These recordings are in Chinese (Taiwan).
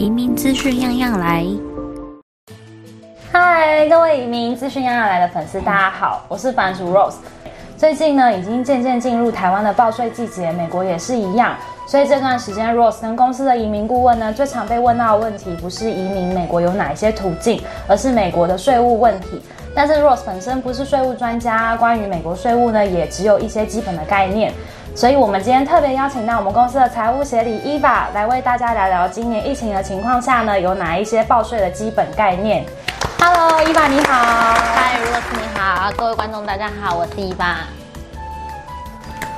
移民資訊樣樣來，嗨，各位移民資訊樣樣來的粉絲，大家好，我是版主 Rose。最近呢，已經漸漸進入台灣的報稅季節，美國也是一樣，所以這段時間 Rose 跟公司的移民顧問呢，最常被問到的問題不是移民美國有哪一些途徑，而是美國的稅務問題。但是 Rose 本身不是稅務專家，關於美國稅務呢，也只有一些基本的概念。所以，我們今天特別邀請到我們公司的財務協理伊娃，來為大家聊聊今年疫情的情況下呢，有哪一些報稅的基本概念。Hello，伊娃你好。Hi，Rose 你好，各位觀眾大家好，我是伊娃。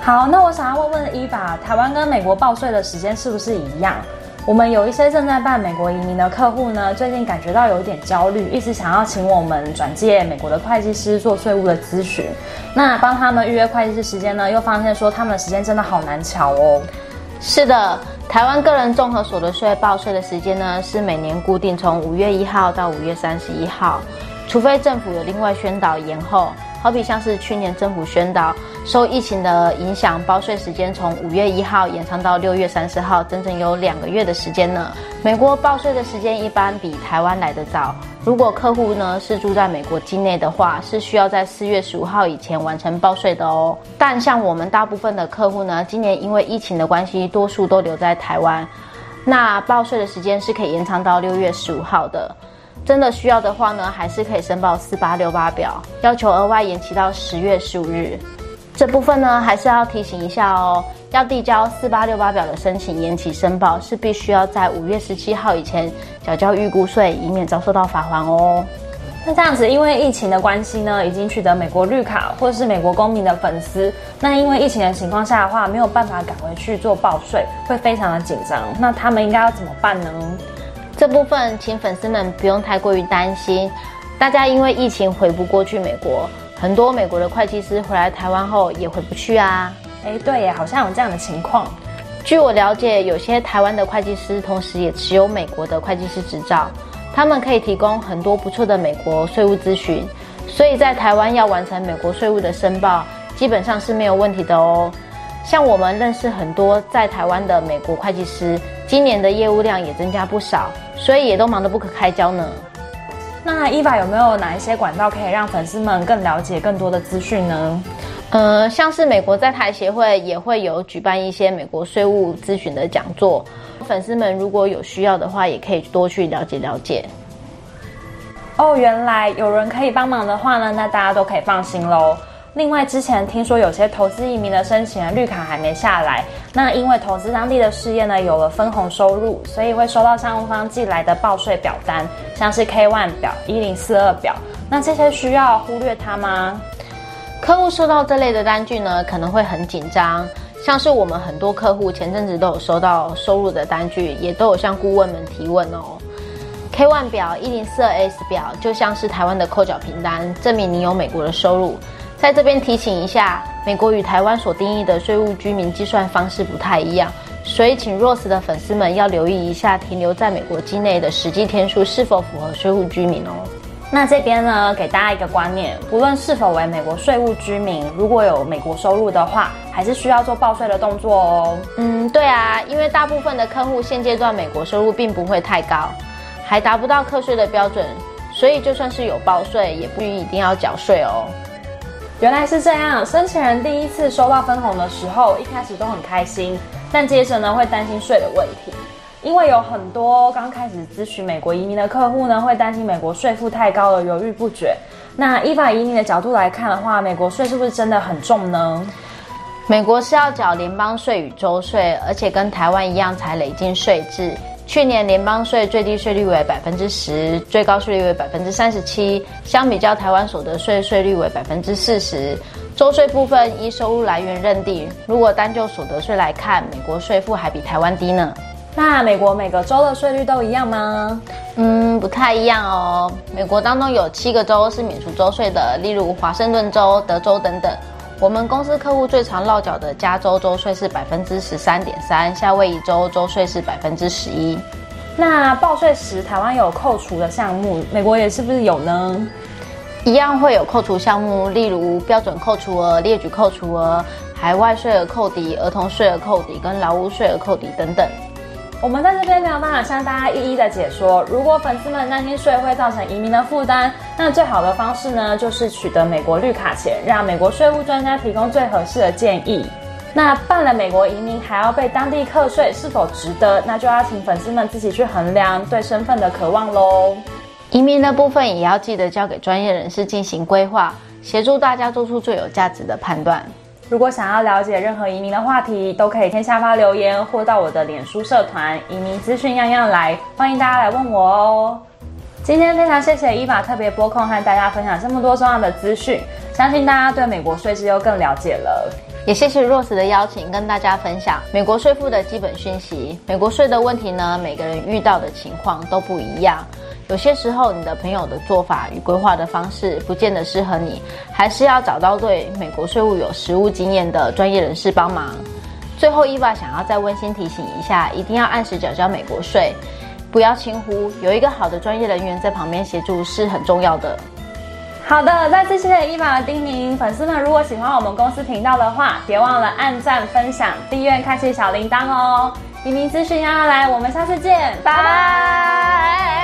好，那我想要問問伊娃，台灣跟美國報稅的時間是不是一樣？我們有一些正在辦美國移民的客戶呢，最近感覺到有點焦慮，一直想要請我們轉介美國的會計師做稅務的諮詢。那幫他們預約會計師時間呢，又發現說他們時間真的好難搶哦。是的，台灣個人綜合所得稅報稅的時間呢，是每年固定從五月一號到五月三十一號，除非政府有另外宣導延後。好比像是去年政府宣導，受疫情的影響，報稅時間從五月一號延長到六月三十號，整整有兩個月的時間呢。美國報稅的時間一般比台灣來得早，如果客戶呢是住在美國境內的話，是需要在四月十五號以前完成報稅的哦。但像我們大部分的客戶呢，今年因為疫情的關係，多數都留在台灣，那報稅的時間是可以延長到六月十五號的。真的需要的話呢，還是可以申報四八六八表，要求額外延期到十月十五日。這部分呢，還是要提醒一下哦，要遞交四八六八表的申請延期申報，是必須要在五月十七號以前繳交預估稅，以免遭受到罰鍰哦。那這樣子，因為疫情的關係呢，已經取得美國綠卡或是美國公民的粉絲，那因為疫情的情況下的話，沒有辦法趕回去做報稅，會非常的緊張。那他們應該要怎麼辦呢？這部分，請粉絲們不用太過於擔心。大家因為疫情回不過去美國，很多美國的會計師回來台灣後也回不去啊。哎，對耶，好像有這樣的情況。據我了解，有些台灣的會計師同時也持有美國的會計師執照，他們可以提供很多不錯的美國稅務諮詢。所以在台灣要完成美國稅務的申報，基本上是沒有問題的哦。像我們認識很多在台灣的美國會計師。今年的業務量也增加不少，所以也都忙得不可開交呢。那 Eva 有沒有哪一些管道可以讓粉絲們更了解更多的資訊呢？呃，像是美國在台協會也會有舉辦一些美國稅務諮詢的講座，粉絲們如果有需要的話，也可以多去了解了解。哦，原來有人可以幫忙的話呢，那大家都可以放心嘍。另外，之前聽說有些投資移民的申請的綠卡還沒下來。那因為投資當地的事業呢，有了分紅收入，所以會收到商務方寄來的報稅表單，像是 K 1表一零四二表。那這些需要忽略它嗎？客戶收到這類的單據呢，可能會很緊張。像是我們很多客戶前陣子都有收到收入的單據，也都有向顧問們提問哦。K 1表一零四二 S 表，就像是台灣的扣繳憑單，證明你有美國的收入。在這邊提醒一下。美國與台灣所定義的稅務居民計算方式不太一樣，所以請 Rose 的粉絲們要留意一下，停留在美國境內的實際天數是否符合稅務居民哦。那這邊呢，給大家一個觀念：不論是否為美國稅務居民，如果有美國收入的話，還是需要做報稅的動作哦。嗯，對啊，因為大部分的客戶現階段美國收入並不會太高，還達不到課稅的標準，所以就算是有報稅，也不一定要繳稅哦。原來是這樣，申請人第一次收到分紅的時候，一開始都很開心，但接着呢，會擔心稅的問題，因為有很多剛開始諮詢美國移民的客戶呢，會擔心美國稅負太高了，猶豫不決。那依法移民的角度來看的話，美國稅是不是真的很重呢？美國是要繳聯邦稅與州稅，而且跟台灣一樣採累進稅制。去年聯邦稅最低稅率為百分之十，最高稅率為百分之三十七。相比較台灣所得稅稅率為百分之四十，州稅部分依收入來源認定。如果單就所得稅來看，美國稅負還比台灣低呢。那美國每個州的稅率都一樣嗎？嗯，不太一樣哦。美國當中有七個州是免除州稅的，例如華盛頓州、德州等等。我們公司客戶最常落腳的加州州稅是百分之十三點三，夏威夷州州州稅是百分之十一。那報稅時，台灣有扣除的項目，美國也是不是有呢？一樣會有扣除項目，例如標準扣除額、列舉扣除額、海外稅額扣抵、兒童稅額扣抵、跟勞務稅額扣抵等等。我們在這邊沒有辦法向大家一一的解說。如果粉絲們擔心稅會造成移民的負擔，那最好的方式呢，就是取得美國綠卡前，讓美國稅務專家提供最合適的建議。那辦了美國移民還要被當地課稅，是否值得？那就要請粉絲們自己去衡量對身份的渴望咯。移民的部分也要記得交給專業人士進行規劃，協助大家做出最有價值的判斷。如果想要了解任何移民的話題，都可以在下方留言或到我的臉書社團“移民資訊樣樣來”，歡迎大家來問我哦。今天非常謝謝 Eva 特別撥空和大家分享這麼多重要的資訊，相信大家對美國稅制又更了解了。也謝謝若 e 的邀請，跟大家分享美國稅負的基本訊息。美國稅的問題呢，每個人遇到的情況都不一樣。有些時候，你的朋友的做法與規劃的方式不見得適合你，還是要找到對美國稅務有實務經驗的專業人士幫忙。最後，伊娃想要再溫馨提醒一下，一定要按時繳交美國稅，不要輕忽。有一個好的專業人員在旁邊協助是很重要的。好的，再次謝謝一凡和丁寧。粉絲們，如果喜歡我們公司頻道的話，別忘了按讚、分享、訂閱、開啟小鈴鐺哦。移民資訊樣樣來，我們下次見，拜拜。拜拜拜拜。